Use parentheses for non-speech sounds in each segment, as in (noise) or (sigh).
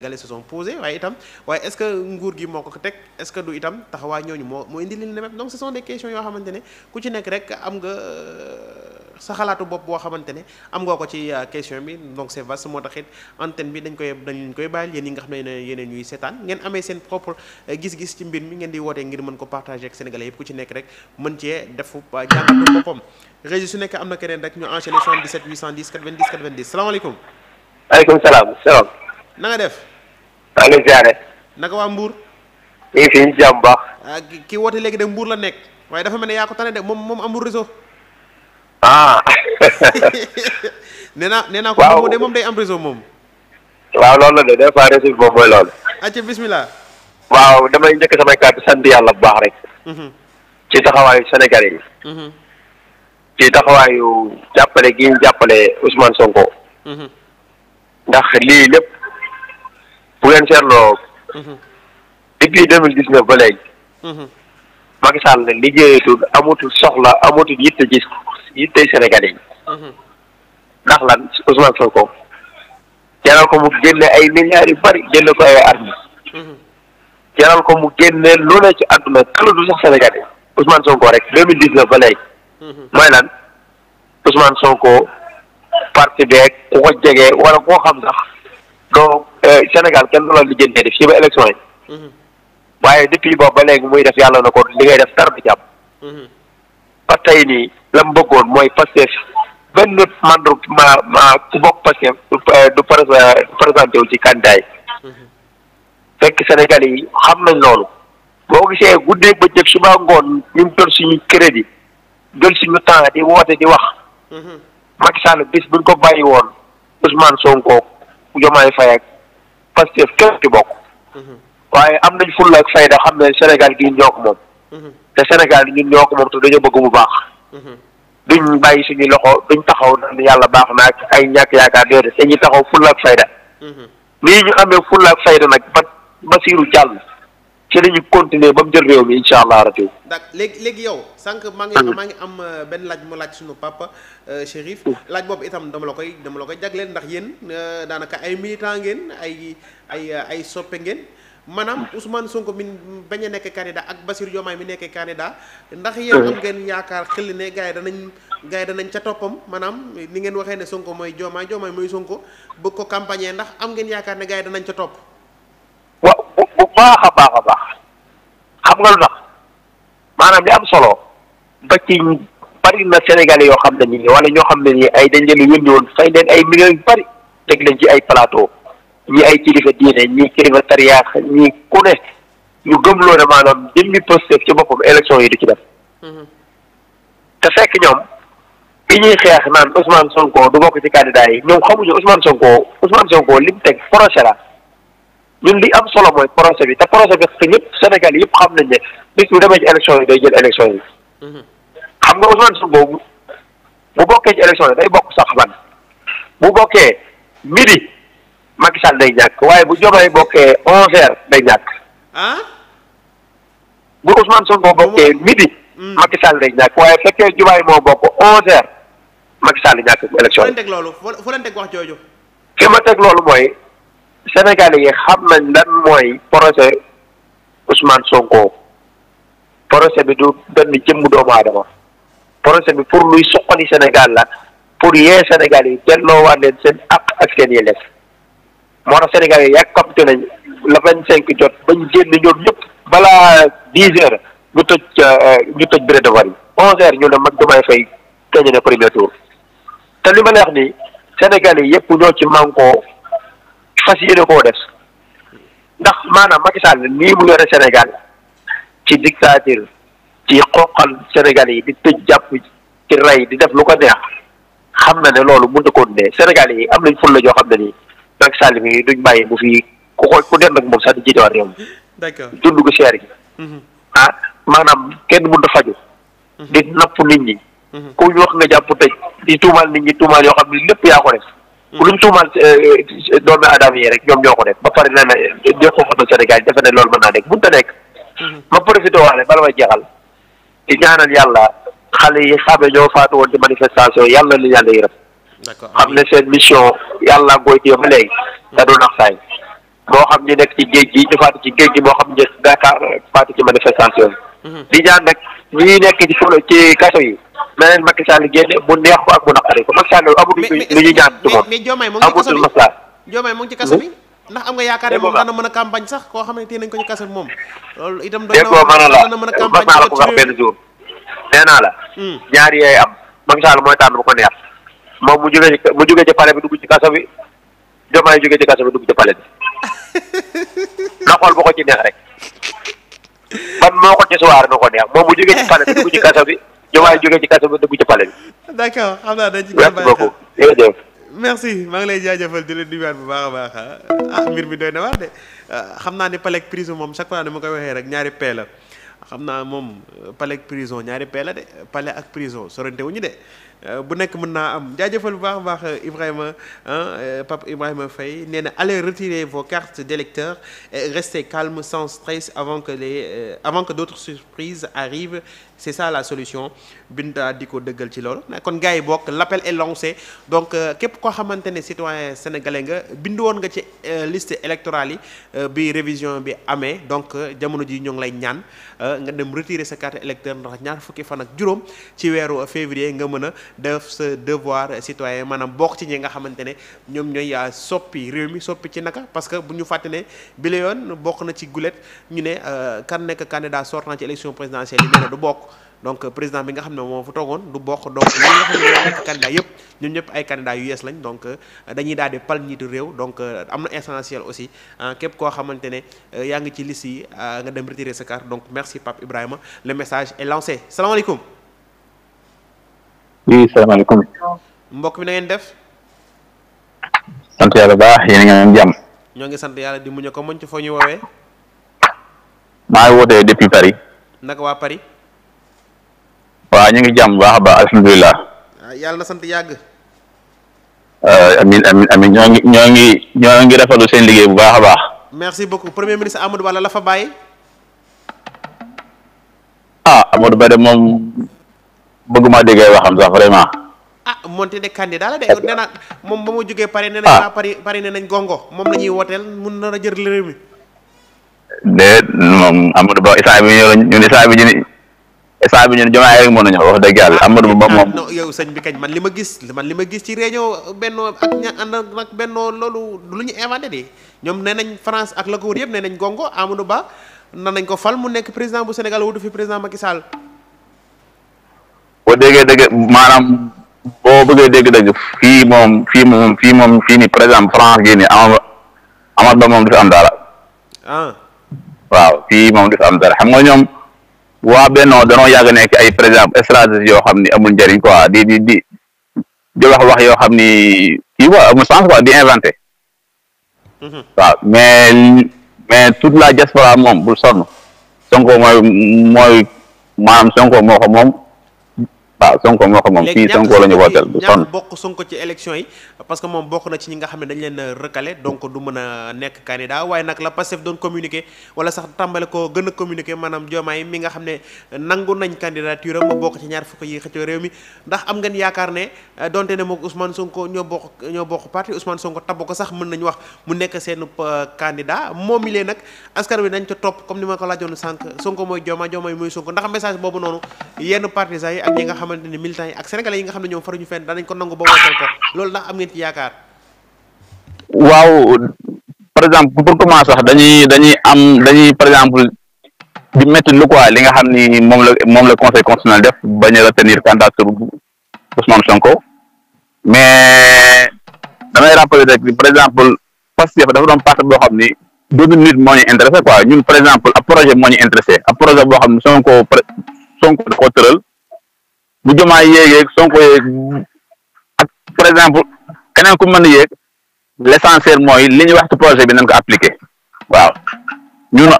Sénégalais se sont posés waaye itam waaye est-ce que nguur gi moo ko teg est-ce que du itam taxawaay ñooñu moo moo indi leen même donc ce sont des yoo xamante ne ku ci nekk rek am nga euh, sa xalaatu bopp boo xamante ne am nga ko ci euh, question bi donc c'est vaste moo taxit antenne bi dañ koy dañ leen yi nga xam ne yeneen ñuy seetaan ngeen amee seen propre euh, gis-gis ci mbir mi ngeen di wootee ngir mën ko partager ak sénégalais yëpp ku ci nekk rek mën cee def na keneen rek ñu enchaîner 77 810 90 na nga def. maa ngi ziare. naka waa Mbour. ñu ngi fi baax. ah ki woote léegi de Mbour la nekk waaye dafa mel ne yaa ko tane de moom moom amul réseau. ah. (laughs) nee naa nee naa ko. moom de day am réseau moom. waaw loolu la de des fois réseau bi moom mooy loolu. acca bismillah. waaw damay njëkk samay kàddu sant yàlla bu baax rek. Mhm. ci taxawaayu Sénégal yi. Mhm. ci taxawaayu jàppale ki ñu jàppale Ousmane Sonko. Mhm. ndax lii lépp. bu ngeen seetloo. Mhm. depuis deux mille dix neuf ba léegi. Mhm. Macky Sall liggéeyatul amatul soxla amatul yitte gis yitte Sénégalais mhm. ndax lan Ousmane Sonko. jaral ko mu génne ay milliards yu bari génne ko ay armes. jaral ko mu génne lu ci àdduna kala du sax Sénégalais Ousmane Sonko rek deux mille dix ba léegi. mooy lan Ousmane Sonko parti beeg ku ko jege wala koo xam sax Eh, Sénégal kenn du la lijjantee def ci ba élection mhm. waaye depuis boobu ba léegi muy def yàlla na ko li ngay def dara du jàpp. parce que nii la mu bëggoon mooy Pastef benn membre ma ma ku bokk Pastef du eh, eh, présenté wu ci candidat yi. Mhm. fekk Sénégal yi xam nañ loolu. boo gisee guddee bëccëg suba ngoon ñu ngi jël suñu crédit jël suñu temps di woote di wax. Mhm. Macky Sall bis buñ ko bàyyi woon Ousmane Sonko Diomaye Faye fay Pastef képp ci bokk mhm. waaye am nañ fulla ak fayda xam ne Sénégal gii ñoo ko moom mhm. te Sénégal ñun ñoo ko moom te dañoo bëgg mu baax mhm. duñ bàyyi suñu loxo duñ taxaw nan yàlla baax na ak ay ñàkk yaakaar déedéet dañuy taxaw fulla ak fayda lii ñu amee fulla ak fayda nag ba Basiiru jàll ci la ñu continuer ba mu jël réew mi incha allah rajo. d'accord léegi léegi yow. sànq maa ngi mmh. maa ngi am euh, benn laaj mu laaj suñu papa euh, Chérif. Mmh. laaj boobu itam dama la koy dama la koy jagleel ndax yéen euh, daanaka ay militant ngeen ay ay ay soppe ngeen. maanaam mmh. Ousmane Sonko mi bañ a nekk candidat ak Bassirou Diomaye mi nekkee candidat ndax yéen am ngeen yaakaar xel ne gars yi danañ gaay yi danañ ca toppam maanaam ni ngeen waxee ne Sonko mooy Diomaye Diomaye mooy Sonko bëgg ko campagne ndax am ngeen yaakaar ne gars yi danañ ca topp. baax a baax a baax xam nga lu tax maanaam li am solo ba ci bari na senegal yoo xam ne nii wala ñoo xam ne ni ay dañ leen yónni woon fay leen ay millions yu bari teg leen ci ay palato ñi ay kilifa diine ñi kilifa tariyaax ñi ku ne ñu gëmloo ne maanaam jëmmi Pastef ci boppam élection yi di ci def mhm. te fekk ñoom bi ñuy xeex naan Ousmane Sonko du bokk ci candidat yi ñoom xamuñu Ousmane Sonko Ousmane Sonko lim teg projet ñun li am solo mooy projet bi te projet bi te ñëpp senegal yëpp xam nañ ne bis bu demee ci élection yi day jël élection yi. Mhm. xam nga Ousmane Sonko boobu bu bokkee ci élection yi day bokk sax ban bu bokkee midi Macky Sall day ñàkk waaye bu Diomaye bokkee onze heures day ñàkk. Ah? bu Ousmane Sonko bokkee midi. Mm. Macky Sall day ñàkk waaye fekkee Diomaye moo bokk onze heures Macky Sall ñàkk élection yi. fu leen leen teg wax jooju. ma teg loolu mooy. Sénégalais yi xam nañ lan mooy projet Ousmane Sonko projet bi du benn jëmm doomu aadama projet bi pour luy suqali Sénégal la pour yee Sénégal yi delloowaat leen seen àq ak seen yelleef moo tax Sénégal yi yàkkamte nañ la vingt cinq jot bañ génn ñoom ñëpp balaa dix heures ñu tëj euh, ñu tëj bureau de vote yi onze ñu ne mag damay fay gañe na premier tour te li ma la wax ni Sénégal yi yëpp ñoo ci mànkoo fas yéene koo def ndax maanaam Macky Sall nii mu yore Sénégal ci dictature ci xoqal Sénégal yi di tëj jàpp ci rey di def lu ko neex xam na ne loolu mënut a continuer Sénégal yi am nañ fulla joo xam ne nii Macky Sall mi duñ bàyyi bu fi ku ko ku dem nag moom sax di jiitewaat réew dund gu cher yi. Mhm. ah maanaam kenn mënut a faju mhm. di napp nit ñi. Mhm. ku ñu wax nga jàpp tëj di tuumaal nit ñi tuumaal yoo xam ne lépp yaa ko def. lu mu tuumaal euh, euh, doomi aadama yi rek ñoom ñoo ko def ba pare nee na ñoo euh, ko xamal Sénégal defe ne loolu mën naa nekk mënut a nekk. Mhm. ma profité waale bala may jeexal di ñaanal yàlla xale yi xam ne ñoo faatu woon ci manifestation yàlla li yàlla yërëm. d'accord xam ne seen mission yàlla ngooy téye ba te mhm. du nax saay moo xam ñi nekk ci géej gi ñu faatu ci géej gi moo xam ñi gàkkaar faatu ci manifestation yi. Mhm. di ñaan nag ñi nekk ci solo ci kaso yi. leneen Macky Sall génne mu neex ko ak mu naqari ko Macky Sall amul lu ñu ñaan du moom mu ngi ci a campagne sax koo xam ne a campagne naa la ko wax benn jour nee naa la hmm. ñaar yooyu am Macky Sall mooy tànn bu ko neex moom mu jógee ci mu jógee ci palais bi dugg ci kaso bi Diomaye jógee ci kaso bi dugg ci palais bi (laughs) na xool bu ko ci neex rek ban moo ko ci suwaar na ko neex moom mu jógee ci palais bi dugg ci kaso bi Diomaye jógee ci kaso ba dugg ci palais bi. d'accord xam naa dañ ci gën a jërëjëf. merci maa ngi lay jaajëfal di la nuyuwaat bu baax a ah. Ah, mbir mi doy na waar de ah, xam naa ne palais prison moom chaque fois dama koy waxee rek ñaari pee la xam naa moom euh, palais prison ñaari pee la de palais ak prison wu ñu de euh, bu nekk mën naa am jaajëfal bu baax a baax euh, Ibrahima Pape Ibrahima Faye nee na allez retirer vos cartes d'électeurs et restez calme sans stress avant que les avant que d'autres surprises arrivent c'est ça la solution Binta di ko dëggal ci loolu kon gars yi bokk l'appel est donc euh, képp koo xamante ne citoyen sénégalais nga bind woon nga ci euh, liste électorale yi euh, bi révision bi amee donc jamono ji ñoo ngi lay ñaan nga dem retirer sa carte électeur ndax ñaar fukki fan ak juróom ci weeru février nga mën a def sa devoir citoyen maanaam bokk ci ñi nga xamante ne ñoom ñooy soppi réew mi soppi ci naka parce que bu ñu fàtte ne bi la bokk na ci gulet ñu ne kan nekk candidat sortant ci élection présidentielle yi nee na du bokk donc euh, président bi nga xam ne moom fa toogoon du bokk donc ñi nga xam ne ñoo nekk candidat yëpp ñun ñëpp ay candidats yu yees lañ donc euh, dañuy daal di pal njiitu réew donc euh, am na essentiel aussi képp koo xamante ne yaa ngi ci liste yi nga dem retirer sa carte donc merci Pape Ibrahima le message est lancé salaamaaleykum. oui salaamaaleykum. mbokk bi na ngeen def. sant yàlla baax yéen nga ngeen jàmm. ñoo ngi sant yàlla di muñ ko muñ foo ñu woowee. maa ngi depuis Paris. naka waa Paris. waaw ñu ngi bu baax a baax alhamdulilah. Ah, yàlla na sant yàgg. Euh, amin amin amin ñoo ngi ñoo ngi ñoo ngi seen liggéey bu baax a baax. merci beaucoup premier ministre Amadou Ba la fa bàyyi. ah Amadou Ba de moom bëgguma déggee waxam sax vraiment. ah moonte de candidat la de moom ba ma jógee pare nee nañ ah. pare pare nañ gongo moom la ñuy wooteel mun na la jël réew mi. de moom Amadou Ba instant bi ñu ñu instant bi ñu. instant bi ñun jomaay rek mën nañu wax dëgg yàlla Amadou Ba moom. Ah, non yow sëñ bi kañ man li ma gis man li ma gis ci réunion bennoo ak ña ànd ak bennoo loolu lu ñu inventé de ñoom nee nañ France ak la yëpp ne nañ gongo Amadou Ba nan nañ ko fal mu nekk président bu Sénégal wutu fi président Macky Sall. boo déggee dëgg maanaam dégg-dëgg fii moom fii moom fii moom fii nii par exemple France gii nii Amadou Amadou Ba moom du fi am dara. ah waaw fii moom du fi am dara xam nga ñoom. waa Benno danoo yàgg nekk ay par exemple stratégie yoo xam ni amul njëriñ quoi di di di di wax wax yoo xam ni kii quoi amul sens quoi di inventé mhm. mais mais la diaspora moom bul sonn Sonko mooy mooy maanaam Sonko moo ko waaw Sonko moo ko moom fii Sonko la ñu wooteel du sonn bokk Sonko ci élection yi parce moom bokk na ci ñi nga xam ne dañ leen recalé donc du mën a nekk candidat waaye nag la Pastef doon communiqué wala sax tàmbale ko gën a communiqué maanaam Diomaye mi nga xam ne nangu nañ candidature am mu bokk ci ñaar fukk yi xëccoo réew mi ndax am ngeen yaakaar ne euh, donte ne moom Ousmane Sonko ñoo bokk ñoo bokk parti Ousmane Sonko tabb ko sax mën nañu wax mu nekk seen euh, candidat moom mi lee nag askan wi dañ ca topp comme ni ma ko laajoon sànq Sonko mooy Diomaye Diomaye mooy Sonko ndax message boobu noonu yenn partisans yi ak ñi nga xamante ni militants yi ak sénégalais yi nga xam ne ñoom faruñu fenn danañ ko nangu ba wootal ko loolu ndax am ngeen ci yaakaar. waaw par exemple pour commencer dañuy dañuy am dañuy par exemple di métti lu quoi li nga xam ni moom la moom la conseil constitutionnel def bañ a retenir candidature Ousmane Sonko mais damay rappeler rek par exemple Pastef dafa doon parti boo xam ni. doodu nit moo ñu intéressé quoi ñun par exemple ab projet moo ñu intéressé ab projet boo xam ne Sonko Sonko da tëral bu jomaa yéegeeg Sonko yéeg ak par exemple keneen ku mën a yéeg l' essentiel mooy li ñu wax ci projet bi nañ ko appliqué waaw ñun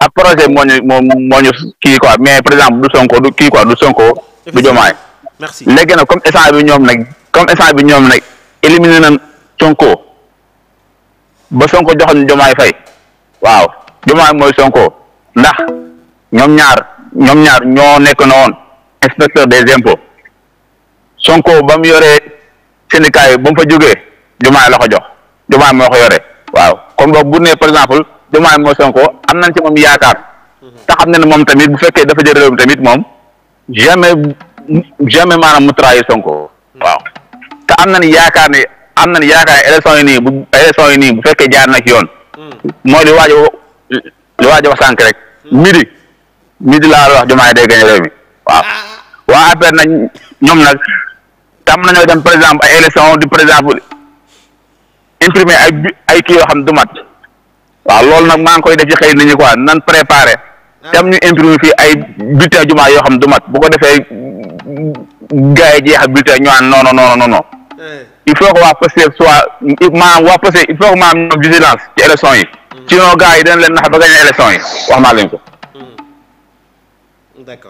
ab projet moo ñu moo kii quoi mais par exemple du Sonko du kii quoi du Sonko du jomaay merci léegi nag comme instant bi ñoom nag comme instant bi ñoom nag éliminé nañ Sonko ba Sonko joxoon jomaay fay waaw jomaay mooy Sonko ndax ñoom ñaar ñoom ñaar ñoo nekk na inspecteur des impôts Sonko ba mu yoree syndicat yi ba mu fa jógee Diomaye la ko jox Diomaye moo ko waaw kon boog bu ne par exemple moo Sonko am nañ ci moom yaakaar mhm. te xam ne ne moom tamit bu fekkee dafa jël réew mi tamit moom jamais jamais maanaam mu trahir Sonko mhm. waaw te am nañ yaakaar ne am nañ yaakaar ne élection yi nii bu élection yi nii bu fekkee jaar na yoon mhm. mooy li waajo li waaj wax sànq rek midi midi laa wax Diomaye day gagné réew mi waaw ah, waa affaire nag ñoom nag tam nañoo dem par exemple ay élection di par exemple imprimer ay ay kii yoo xam du mat waaw lool nag maa ngi koy def ci xëy nañu quoi nan préparer ah. tam ñu imprimer fii ay bulletin jumaa yoo xam du mat bu ko defee gars yi jeexal bulletin ñu naan non non non eh. il faut que waa waa Pastef il faut que maanaam yi ci hmm. noo yi dana leen nax ba yi wax ko hmm.